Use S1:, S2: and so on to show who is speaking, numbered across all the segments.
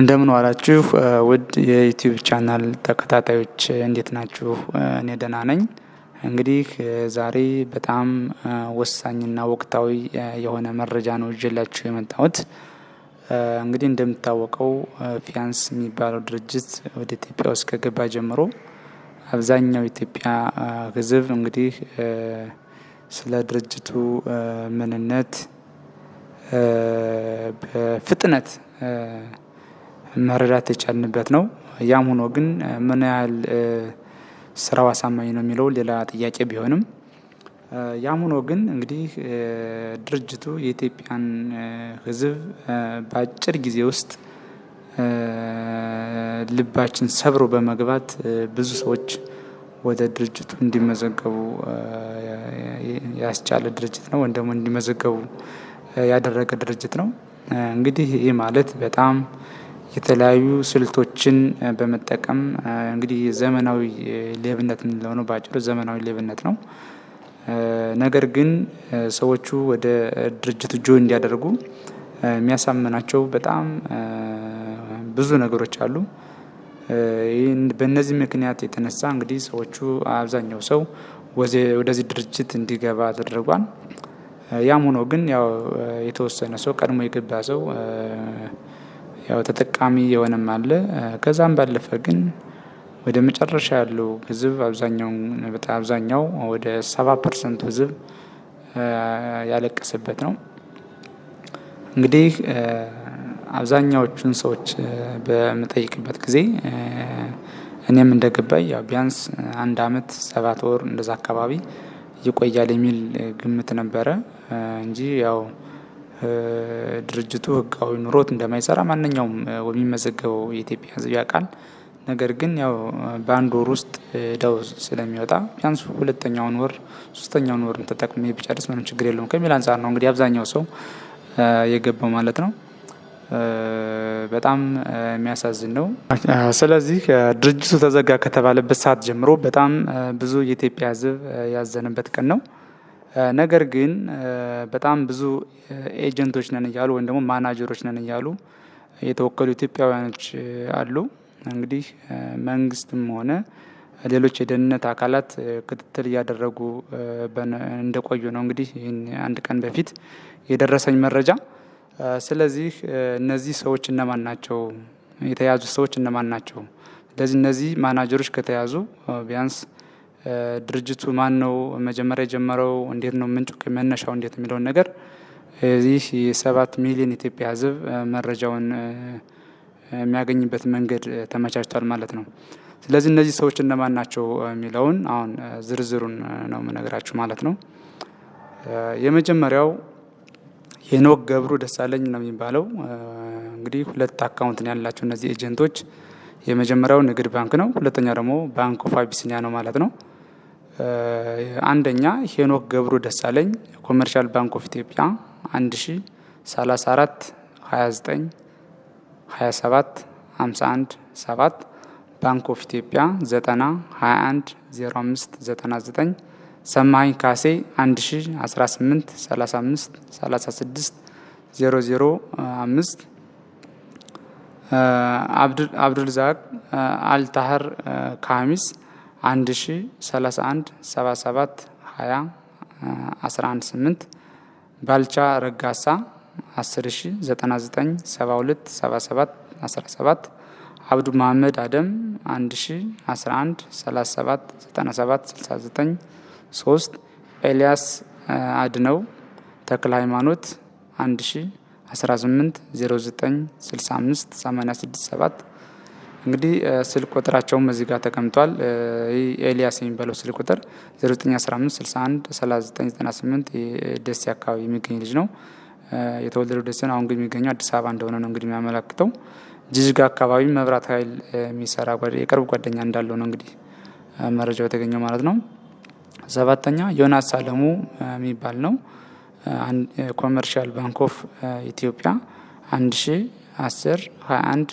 S1: እንደምን ዋላችሁ ውድ የዩቲዩብ ቻናል ተከታታዮች እንዴት ናችሁ? እኔ ደህና ነኝ። እንግዲህ ዛሬ በጣም ወሳኝና ወቅታዊ የሆነ መረጃ ነው ይዤላችሁ የመጣሁት። እንግዲህ እንደምታወቀው ፊያንስ የሚባለው ድርጅት ወደ ኢትዮጵያ ውስጥ ከገባ ጀምሮ አብዛኛው ኢትዮጵያ ሕዝብ እንግዲህ ስለ ድርጅቱ ምንነት በፍጥነት መረዳት የቻልንበት ነው። ያም ሆኖ ግን ምን ያህል ስራው አሳማኝ ነው የሚለው ሌላ ጥያቄ ቢሆንም ያም ሆኖ ግን እንግዲህ ድርጅቱ የኢትዮጵያን ህዝብ በአጭር ጊዜ ውስጥ ልባችን ሰብሮ በመግባት ብዙ ሰዎች ወደ ድርጅቱ እንዲመዘገቡ ያስቻለ ድርጅት ነው ወይም ደግሞ እንዲመዘገቡ ያደረገ ድርጅት ነው። እንግዲህ ይህ ማለት በጣም የተለያዩ ስልቶችን በመጠቀም እንግዲህ ዘመናዊ ሌብነት የምንለው ነው ዘመናዊ ሌብነት ነው። ነገር ግን ሰዎቹ ወደ ድርጅቱ ጆይን እንዲያደርጉ የሚያሳምናቸው በጣም ብዙ ነገሮች አሉ። በእነዚህ ምክንያት የተነሳ እንግዲህ ሰዎቹ አብዛኛው ሰው ወደዚህ ድርጅት እንዲገባ ተደርጓል። ያም ሆኖ ግን ያው የተወሰነ ሰው ቀድሞ የገባ ሰው ያው ተጠቃሚ የሆነም አለ። ከዛም ባለፈ ግን ወደ መጨረሻ ያለው ህዝብ አብዛኛው ወደ ሰባ ፐርሰንት ህዝብ ያለቀሰበት ነው። እንግዲህ አብዛኛዎቹን ሰዎች በምጠይቅበት ጊዜ እኔም እንደገባኝ ያው ቢያንስ አንድ አመት ሰባት ወር እንደዛ አካባቢ ይቆያል የሚል ግምት ነበረ። እንጂ ያው ድርጅቱ ህጋዊ ኑሮት እንደማይሰራ ማንኛውም የሚመዘገበው የኢትዮጵያ ህዝብ ያውቃል። ነገር ግን ያው በአንድ ወር ውስጥ እዳው ስለሚወጣ ቢያንስ ሁለተኛውን ወር ሶስተኛውን ወር ተጠቅሜ ብጨርስ ምንም ችግር የለውም ከሚል አንጻር ነው እንግዲህ አብዛኛው ሰው የገባው ማለት ነው። በጣም የሚያሳዝን ነው። ስለዚህ ድርጅቱ ተዘጋ ከተባለበት ሰዓት ጀምሮ በጣም ብዙ የኢትዮጵያ ህዝብ ያዘነበት ቀን ነው። ነገር ግን በጣም ብዙ ኤጀንቶች ነን እያሉ ወይም ደግሞ ማናጀሮች ነን እያሉ የተወከሉ ኢትዮጵያውያኖች አሉ። እንግዲህ መንግስትም ሆነ ሌሎች የደህንነት አካላት ክትትል እያደረጉ እንደቆዩ ነው እንግዲህ ይህን አንድ ቀን በፊት የደረሰኝ መረጃ። ስለዚህ እነዚህ ሰዎች እነማን ናቸው? የተያዙ ሰዎች እነማን ናቸው? ስለዚህ እነዚህ ማናጀሮች ከተያዙ ቢያንስ ድርጅቱ ማን ነው መጀመሪያ የጀመረው፣ እንዴት ነው ምንጩ፣ መነሻው እንዴት የሚለውን ነገር ይህ የሰባት ሚሊዮን ኢትዮጵያ ህዝብ መረጃውን የሚያገኝበት መንገድ ተመቻችቷል ማለት ነው። ስለዚህ እነዚህ ሰዎች እነማን ናቸው የሚለውን አሁን ዝርዝሩን ነው የምነግራችሁ ማለት ነው። የመጀመሪያው ሄኖክ ገብሩ ደሳለኝ ነው የሚባለው። እንግዲህ ሁለት አካውንትን ያላቸው እነዚህ ኤጀንቶች የመጀመሪያው ንግድ ባንክ ነው፣ ሁለተኛው ደግሞ ባንክ ኦፍ አቢሲኒያ ነው ማለት ነው። አንደኛ ሄኖክ ገብሩ ደሳለኝ ኮመርሻል ባንክ ኦፍ ኢትዮጵያ 1034 29 27 51 7 ባንክ ኦፍ ኢትዮጵያ 90 21 05 99 ሰማኝ ካሴ 1018 35 36 005 አብዱልዛቅ አልታህር ካሚስ አንድ ሺ ሰላሳ አንድ ሰባ ሰባት ሀያ አስራ አንድ ስምንት ባልቻ ረጋሳ አስር ሺ ዘጠና ዘጠኝ ሰባ ሁለት ሰባ ሰባት አስራ ሰባት አብዱ መሐመድ አደም አንድ ሺ አስራ አንድ ሰላሳ ሰባት ዘጠና ሰባት ስልሳ ዘጠኝ ሶስት ኤልያስ አድነው ተክለ ሃይማኖት አንድ ሺ አስራ ስምንት ዜሮ ዘጠኝ ስልሳ አምስት ሰማኒያ ስድስት ሰባት እንግዲህ ስልክ ቁጥራቸውም እዚህ ጋር ተቀምጧል። ይህ ኤልያስ የሚባለው ስልክ ቁጥር 0915613998 ደሴ አካባቢ የሚገኝ ልጅ ነው። የተወለደው ደሴ ነው። አሁን ግን የሚገኘው አዲስ አበባ እንደሆነ ነው እንግዲህ የሚያመላክተው። ጅጅጋ አካባቢ መብራት ኃይል የሚሰራ የቅርብ ጓደኛ እንዳለው ነው እንግዲህ መረጃው የተገኘው ማለት ነው። ሰባተኛ ዮናስ አለሙ የሚባል ነው። ኮመርሻል ባንክ ኦፍ ኢትዮጵያ 1 ሺ 10 21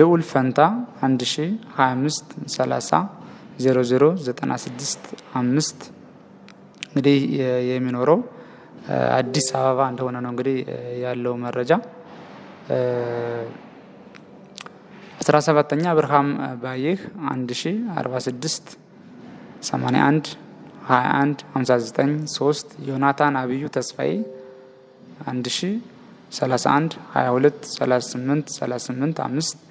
S1: ልዑል ፈንታ 1025 30 96 5 እንግዲህ የሚኖረው አዲስ አበባ እንደሆነ ነው እንግዲህ ያለው መረጃ። አስራ ሰባተኛ ብርሃም ባየህ 1046 81 21 59 3 ዮናታን አብዩ ተስፋዬ 1031 22 38 38 5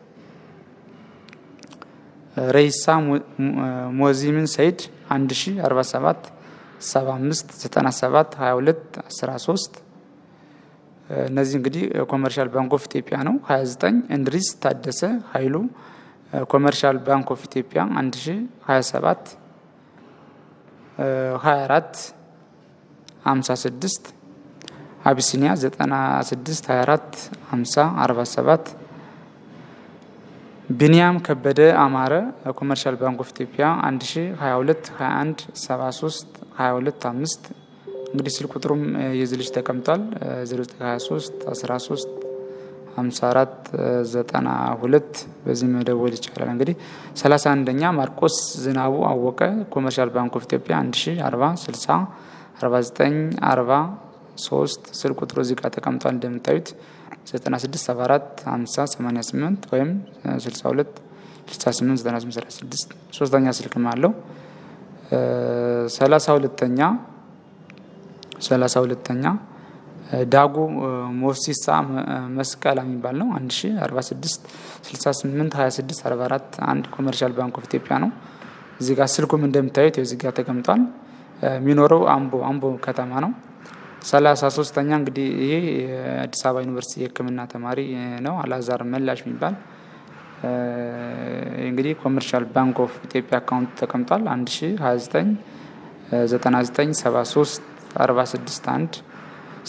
S1: ረይሳ ሞዚምን ሰይድ 1047 75 97 22 13 እነዚህ እንግዲህ ኮመርሻል ባንክ ኦፍ ኢትዮጵያ ነው። 29 እንድሪስ ታደሰ ኃይሉ ኮመርሻል ባንክ ኦፍ ኢትዮጵያ 1027 24 56 አቢሲኒያ 96 24 50 47 ቢንያም ከበደ አማረ ኮመርሻል ባንክ ኦፍ ኢትዮጵያ 1022 21 73 22 5 እንግዲህ ስልክ ቁጥሩም የዚህ ልጅ ተቀምጧል 0923 13 54 92 በዚህ መደወል ይቻላል። እንግዲህ 31ኛ ማርቆስ ዝናቡ አወቀ ኮመርሻል ባንክ ኦፍ ኢትዮጵያ 1040 60 49 43 ስልክ ቁጥሩ እዚህ ጋር ተቀምጧል እንደምታዩት 9674 ወይም 62 68 98 36 ሶስተኛ ስልክም አለው። ሰላሳ ሁለተኛ ሰላሳ ሁለተኛ ዳጉ ሞሲሳ መስቀላ የሚባል ነው። 1046 68 26 44 አንድ ኮመርሻል ባንክ ኦፍ ኢትዮጵያ ነው። እዚህ ጋር ስልኩም እንደምታዩት እዚህ ጋር ተቀምጧል። የሚኖረው አምቦ አምቦ ከተማ ነው። ሰላሳ ሶስተኛ እንግዲህ ይሄ የአዲስ አበባ ዩኒቨርሲቲ የሕክምና ተማሪ ነው አላዛር መላሽ የሚባል እንግዲህ ኮመርሻል ባንክ ኦፍ ኢትዮጵያ አካውንት ተቀምጧል። 1029 99 73 46 1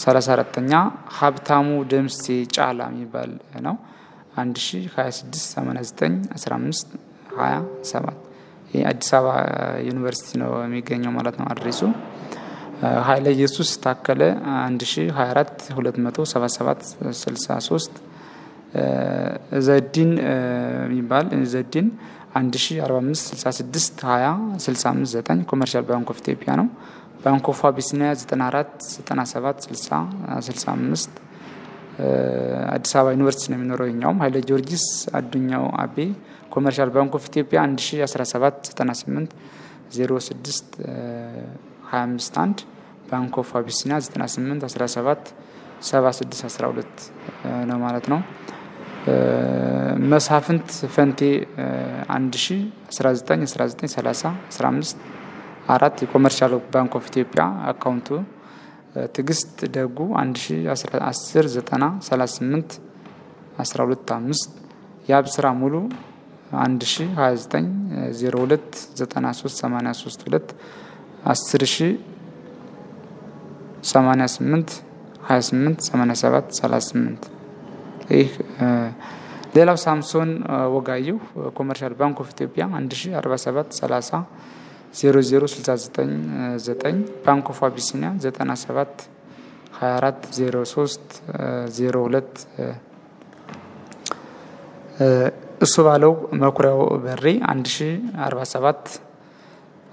S1: 34ኛ ሀብታሙ ደምሴ ጫላ የሚባል ነው 1026 89 15 27 ይህ አዲስ አበባ ዩኒቨርሲቲ ነው የሚገኘው ማለት ነው አድሬሱ ኃይለ ኢየሱስ ታከለ 1024 63 ዘዲን የሚባል ዘዲን 1456620659 ኮመርሻል ባንክ ኦፍ ኢትዮጵያ ነው። ባንክ ኦፍ አቢሲኒያ 94 97 60 65 አዲስ አበባ ዩኒቨርሲቲ ነው የሚኖረው። ይኛውም ኃይለ ጊዮርጊስ አዱኛው አቤ ኮመርሻል ባንክ ኦፍ ኢትዮጵያ 1017 98 06 25 1 ባንክ ኦፍ አቢሲኒያ 98 17 76 12 ነው ማለት ነው። መሳፍንት ፈንቴ 1000 19 19 30 15 አራት የኮመርሻል ባንክ ኦፍ ኢትዮጵያ አካውንቱ ትዕግስት ደጉ 10 9 38 12 5 የአብስራ ሙሉ 1029 02 93 83 2 አስር ሺ ሰማኒያ ይህ ሌላው ሳምሶን ወጋየሁ ኮመርሻል ባንክ ኦፍ ኢትዮጵያ 1047 30 9 ባንክ ኦፍ አቢሲኒያ 97 24 03 02 እሱ ባለው መኩሪያው በሬ 1047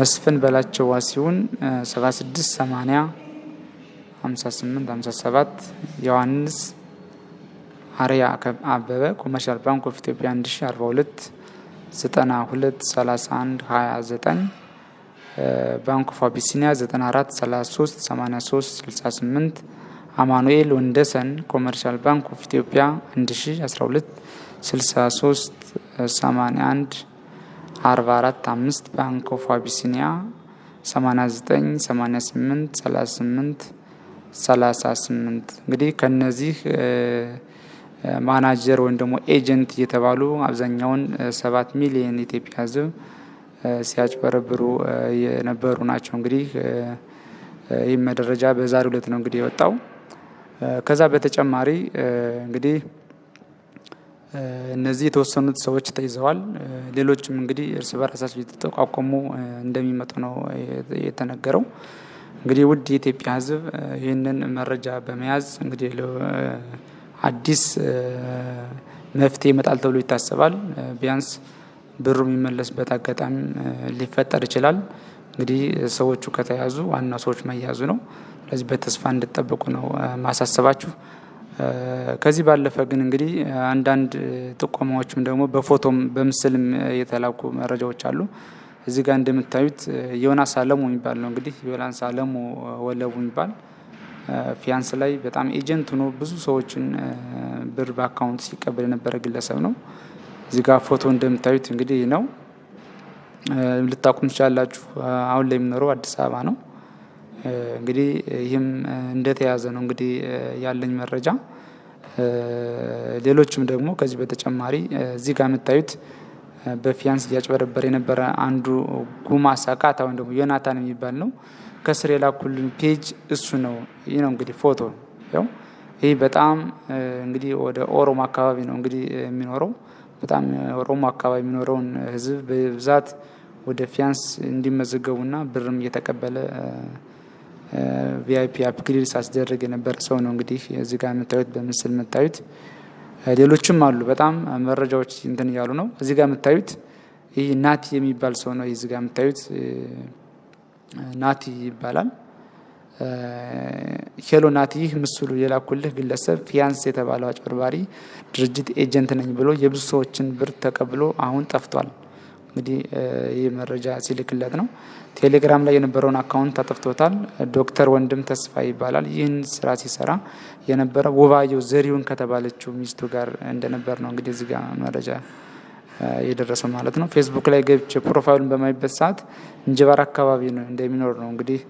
S1: መስፍን በላቸው ዋሲሁን 76 80 58 57 ዮሐንስ አርያ አበበ ኮመርሻል ባንክ ኦፍ ኢትዮጵያ 1042 92 31 29 ባንክ ኦፍ አቢሲኒያ 94 33 83 68 አማኑኤል ወንደሰን ኮመርሻል ባንክ ኦፍ ኢትዮጵያ 1012 63 81 44 ባንክ ኦፍ አቢሲኒያ 89 88 38 38 እንግዲህ ከነዚህ ማናጀር ወይም ደግሞ ኤጀንት እየተባሉ አብዛኛውን ሰባት ሚሊየን ኢትዮጵያ ሕዝብ ሲያጭበረብሩ የነበሩ ናቸው። እንግዲህ ይህም መደረጃ በዛሬው ዕለት ነው እንግዲህ የወጣው። ከዛ በተጨማሪ እንግዲህ እነዚህ የተወሰኑት ሰዎች ተይዘዋል። ሌሎችም እንግዲህ እርስ በራሳቸው የተጠቋቆሙ እንደሚመጡ ነው የተነገረው። እንግዲህ ውድ የኢትዮጵያ ሕዝብ ይህንን መረጃ በመያዝ እንግዲህ አዲስ መፍትሄ ይመጣል ተብሎ ይታሰባል። ቢያንስ ብሩ የሚመለስበት አጋጣሚ ሊፈጠር ይችላል። እንግዲህ ሰዎቹ ከተያዙ ዋናው ሰዎች መያዙ ነው። ስለዚህ በተስፋ እንድጠብቁ ነው ማሳሰባችሁ። ከዚህ ባለፈ ግን እንግዲህ አንዳንድ ጥቆማዎችም ደግሞ በፎቶም በምስልም የተላኩ መረጃዎች አሉ። እዚህ ጋር እንደምታዩት ዮናስ አለሙ የሚባል ነው እንግዲህ ዮናስ አለሙ ወለቡ የሚባል ፊያንስ ላይ በጣም ኤጀንት ሆኖ ብዙ ሰዎችን ብር በአካውንት ሲቀበል የነበረ ግለሰብ ነው። እዚህ ጋር ፎቶ እንደምታዩት እንግዲህ ነው ልታቁም ትችላላችሁ። አሁን ላይ የሚኖረው አዲስ አበባ ነው። እንግዲህ ይህም እንደተያዘ ነው እንግዲህ ያለኝ መረጃ። ሌሎችም ደግሞ ከዚህ በተጨማሪ እዚህ ጋር የምታዩት በፊያንስ እያጭበረበረ የነበረ አንዱ ጉማ ሳቃታ ወይም ደግሞ ዮናታን የሚባል ነው። ከስር የላኩልን ፔጅ እሱ ነው። ይህ ነው እንግዲህ ፎቶ ው ይህ በጣም እንግዲህ ወደ ኦሮሞ አካባቢ ነው እንግዲህ የሚኖረው በጣም ኦሮሞ አካባቢ የሚኖረውን ህዝብ በብዛት ወደ ፊያንስ እንዲመዘገቡና ብርም እየተቀበለ ቪአይፒ አፕግሬድ ሳስደረግ የነበረ ሰው ነው። እንግዲህ እዚህ ጋር የምታዩት በምስል የምታዩት ሌሎችም አሉ። በጣም መረጃዎች እንትን እያሉ ነው። እዚህ ጋር የምታዩት ይህ ናቲ የሚባል ሰው ነው። እዚህ ጋር የምታዩት ናቲ ይባላል። ሄሎ ናቲ፣ ይህ ምስሉ የላኩልህ ግለሰብ ፊያንስ የተባለው አጭበርባሪ ድርጅት ኤጀንት ነኝ ብሎ የብዙ ሰዎችን ብር ተቀብሎ አሁን ጠፍቷል። እንግዲህ ይህ መረጃ ሲልክለት ነው። ቴሌግራም ላይ የነበረውን አካውንት አጥፍቶታል። ዶክተር ወንድም ተስፋ ይባላል። ይህን ስራ ሲሰራ የነበረ ውባየው ዘሪሁን ከተባለችው ሚስቱ ጋር እንደነበር ነው እንግዲህ እዚህ ጋር መረጃ የደረሰው ማለት ነው። ፌስቡክ ላይ ገብቼ ፕሮፋይሉን በማይበት ሰዓት እንጅባር አካባቢ ነው እንደሚኖር ነው እንግዲህ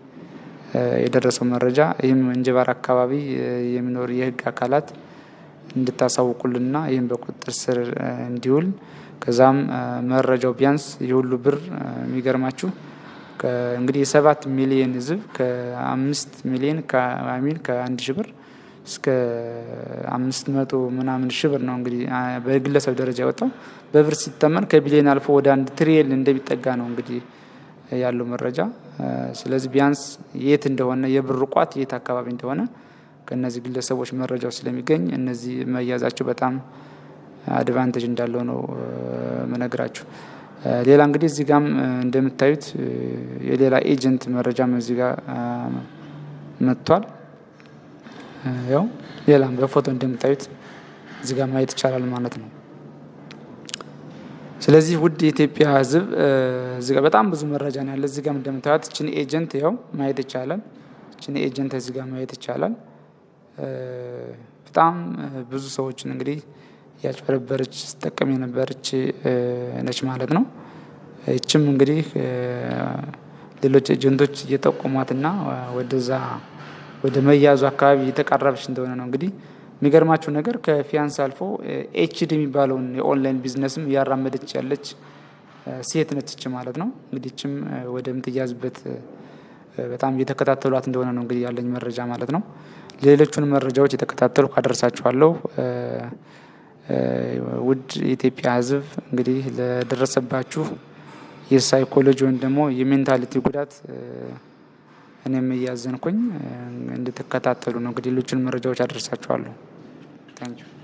S1: የደረሰው መረጃ። ይህም እንጅባር አካባቢ የሚኖር የህግ አካላት እንድታሳውቁልንና ይህም በቁጥጥር ስር እንዲውል ከዛም መረጃው ቢያንስ የሁሉ ብር የሚገርማችሁ እንግዲህ የሰባት ሚሊየን ህዝብ ከአምስት ሚሊየን ከሚል ከአንድ ሺ ብር እስከ አምስት መቶ ምናምን ሺ ብር ነው እንግዲህ በግለሰብ ደረጃ የወጣው በብር ሲተመን ከቢሊየን አልፎ ወደ አንድ ትሪየል እንደሚጠጋ ነው እንግዲህ ያለው መረጃ። ስለዚህ ቢያንስ የት እንደሆነ የብር ቋት የት አካባቢ እንደሆነ ከእነዚህ ግለሰቦች መረጃው ስለሚገኝ እነዚህ መያዛቸው በጣም አድቫንቴጅ እንዳለው ነው ምነግራችሁ። ሌላ እንግዲህ እዚህ ጋም እንደምታዩት የሌላ ኤጀንት መረጃም እዚህ ጋር መጥቷል። ያው ሌላም በፎቶ እንደምታዩት እዚህ ጋር ማየት ይቻላል ማለት ነው። ስለዚህ ውድ የኢትዮጵያ ሕዝብ እዚህ ጋር በጣም ብዙ መረጃ ነው ያለ። እዚህ ጋር እንደምታዩት ችን ኤጀንት ያው ማየት ይቻላል። ችን ኤጀንት እዚህ ጋር ማየት ይቻላል። በጣም ብዙ ሰዎችን እንግዲህ ያጭበረበረች ስጠቀም የነበረች ነች ማለት ነው። ይችም እንግዲህ ሌሎች ኤጀንቶች እየጠቆሟትና ወደዛ ወደ መያዙ አካባቢ እየተቃረበች እንደሆነ ነው። እንግዲህ የሚገርማችሁ ነገር ከፊያንስ አልፎ ኤችዲ የሚባለውን የኦንላይን ቢዝነስም እያራመደች ያለች ሴት ነች ይች ማለት ነው። እንግዲህ ይቺም ወደምትያዝበት በጣም እየተከታተሏት እንደሆነ ነው እንግዲህ ያለኝ መረጃ ማለት ነው። ሌሎቹን መረጃዎች የተከታተሉ አደርሳችኋለሁ። ውድ የኢትዮጵያ ሕዝብ እንግዲህ ለደረሰባችሁ የሳይኮሎጂ ወይም ደግሞ የሜንታሊቲ ጉዳት እኔም እያዘንኩኝ እንድትከታተሉ ነው። እንግዲህ ሌሎችን መረጃዎች አደርሳችኋለሁ። ታንኪዩ